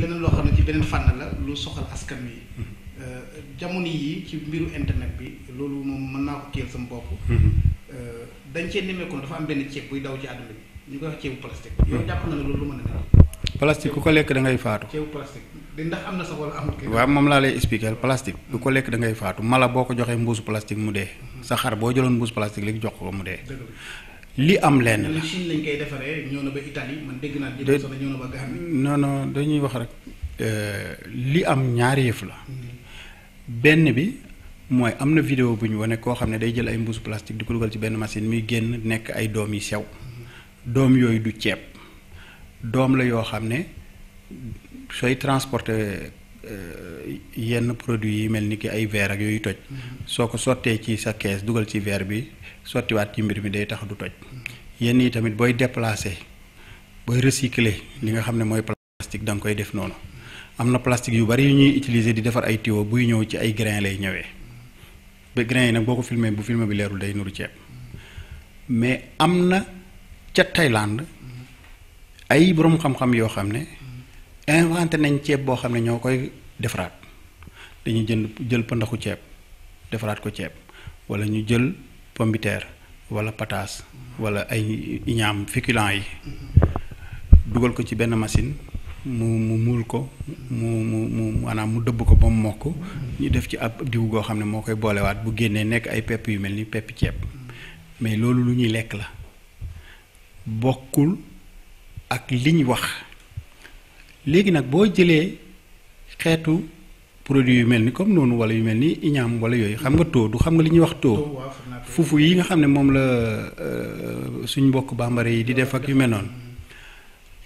leneen loo xam ne ci beneen fànna la lu soxal askan wi euh, jamono yii ci mbiru internet bi loolu moom mën naa ko téyel sama bopp mhm. euh, dañ cee nemmeeku ne dafa am benn ceeb buy daw ci àdduna bi ñu koy wax ceebu plastique mhm. na ne lu mën a ku ko lekk da ngay faatu ceebu plastique di ndax am na sax wala amul waaw moom laa lay expliquer plastique ku ko lekk da ngay faatu mala boo ko joxee mbuusu plastique mu dee mhm. sa xar boo jëloon mbuusu plastique léegi jox ko mu dee li am lenn la Chine lañ koy defaree ñëw ba Italie dégg na ba Gambie non non dañuy wax rek euh, li am ñaari yëf la benn bi mooy am na vidéo bu ñu wane koo xam ne day jël ay mbuusu plastique di ko dugal ci benn machine muy génn nekk ay doom yi sew doom yooyu du ceeb doom la yoo xam ne sooy transporter Euh, yenn produit yi mel ni ki ay verre ak yooyu toj mm-hmm. soo ko sottee ci sa kees dugal ci verre bi sottiwaat ci mbir mi day tax du toj mm-hmm. yenn yi tamit booy déplacer booy recycler li nga xam ne mooy plastique da nga koy def noonu am na plastique yu bari yu ñuy utiliser di defar ay tuyau buy ñëw ci ay grain lay ñëwee ba grain yi nag boo ko filmé bu filmé bi leerul day nuru ceeb mais am na ca Thaïlande mm-hmm. ay boroom xam-xam yoo xam ne inventé nañ ceeb boo xam ne ñoo koy defaraat dañu jënd jël pëndaxu ceeb defaraat ko ceeb wala ñu jël pombiteer wala patas wala ay ñaam féculents yi dugal ko ci benn machine mu mu muul ko mu mu mu maanaam mu dëbb ko ba mu mokk ñu def ci ab diw goo xam ne moo koy boolewaat bu génnee nekk ay pepp yu mel ni pepp ceeb mais loolu lu ñuy lekk la bokkul ak liñ wax léegi nag boo jëlee xeetu produit yu mel ni comme noonu wala yu mel ni iñaam wala yooyu xam nga taux du xam nga li ñuy wax taux fufu yi nga xam ne moom la euh, suñ mbokk bambara yi di def ak yu mel noonu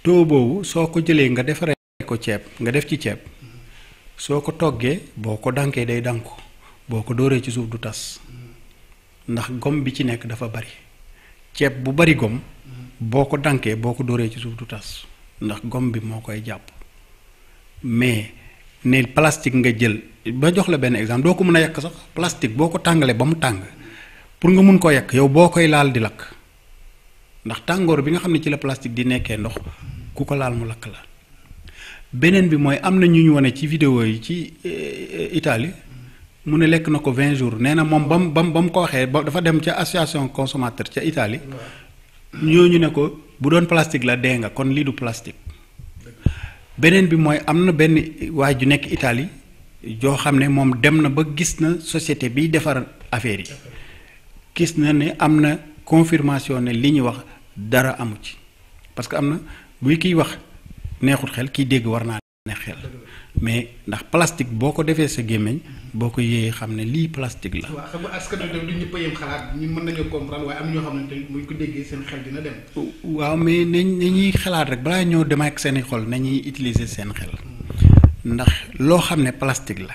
taux boobu soo ko jëlee nga defaree ko ceeb nga def ci ceeb soo ko toggee boo ko dànkee day dànku boo ko dooree ci suuf du tas ndax gom bi ci nekk dafa bari ceeb bu bari gom boo ko dànkee boo ko dooree ci suuf du tas ndax gomme bi moo koy jàpp mais ne plastique nga jël ba jox la benn exemple doo ko mën a yàq sax plastique boo ko tàngalee ba mu tàng pour nga mun ko yàq yow boo koy laal di lakk ndax tàngoor bi nga xam ne ci la plastique di nekkee ndox ku ko laal mu lakk la beneen bi mooy am na ñu ñu wane ci vidéo yi ci e, e, itali mu ne lekk na ko vingt jours nee na moom ba mu ba mu ko waxee ba dafa dem ca association consommateur ca Italie ñooñu ne ko. bu doon plastique la dee nga kon lii du plastique beneen bi mooy am na benn waay ju nekk itali joo xam ne moom dem na ba gis na société biy defar affaire yi gis na ne am na confirmation ne li ñuy wax dara amu ci parce que am na buy kiy wax neexut xel kiy dégg war naa neex xel mais ndax plastique boo ko defee sa gémmiñ boo ko yéeyee xam ne lii plastique la. waaw xam nga askan wi tamit ñëpp xalaat ñun mën nañoo comprendre am ñoo xam ne tamit bu ñu ko déggee seen xel dina dem. waaw mais nañ nañuy xalaat rek balaa ñëw dem ak seen i xol nañuy utiliser seen xel ndax loo xam ne plastique la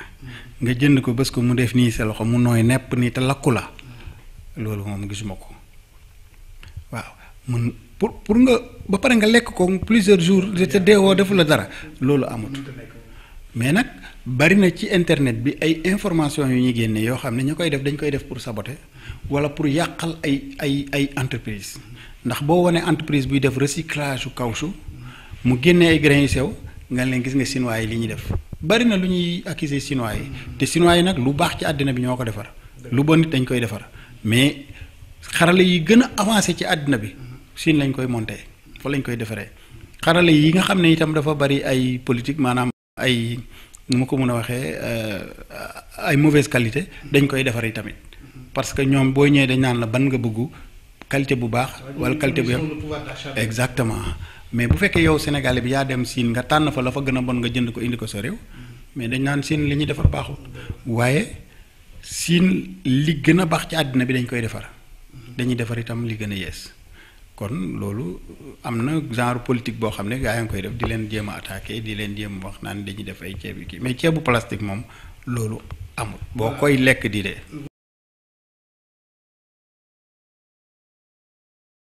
nga jënd ko bés ko mu def nii sa loxo mu nooy nepp nii te lakku la loolu moom gisuma ko waaw mun pour pour nga ba pare nga lekk ko plusieurs jours te deewoo defu la dara loolu amut. mais nag bari na ci internet bi ay information yu ñuy génne yoo xam ne ñoo koy def dañ koy def pour saboter wala pour yàqal ay ay ay entreprise ndax boo wanee entreprise buy def recyclage u caoutchouc mu génnee ay grains yu sew nga leen gis nga chinois yi li ñu def bari na lu ñuy accuser chinois yi te chinois yi nag lu baax ci àddina bi ñoo ko defar lu bon nit dañ koy defar mais xarala yi gën a avancé ci àddina bi sin lañ koy monté fa lañ koy defaree xarala yi nga xam ne itam dafa bari ay politique maanaam ay nu ma ko mën a waxee euh, ay mauvaise qualité dañ koy defari tamit parce que ñoom booy ñëwee dañ naan la ban nga bëggu qualité bu baax wala qualité bu exactement mais bu fekkee yow sénégalais bi yaa dem siin nga tànn fa la fa gën a bon nga jënd ko indi ko sa réew mais dañ naan siin li ñu defar baaxul waaye siin li gën a baax ci àddina bi dañ koy defar dañuy defar itam li gën a yées kon loolu am na genre politique boo xam ne gaa yaa ngi koy def di leen jéem a attaqué di leen jéem wax naan dañuy def ay ceeb yu kii mais ceebu plastique moom loolu amul boo koy lekk di de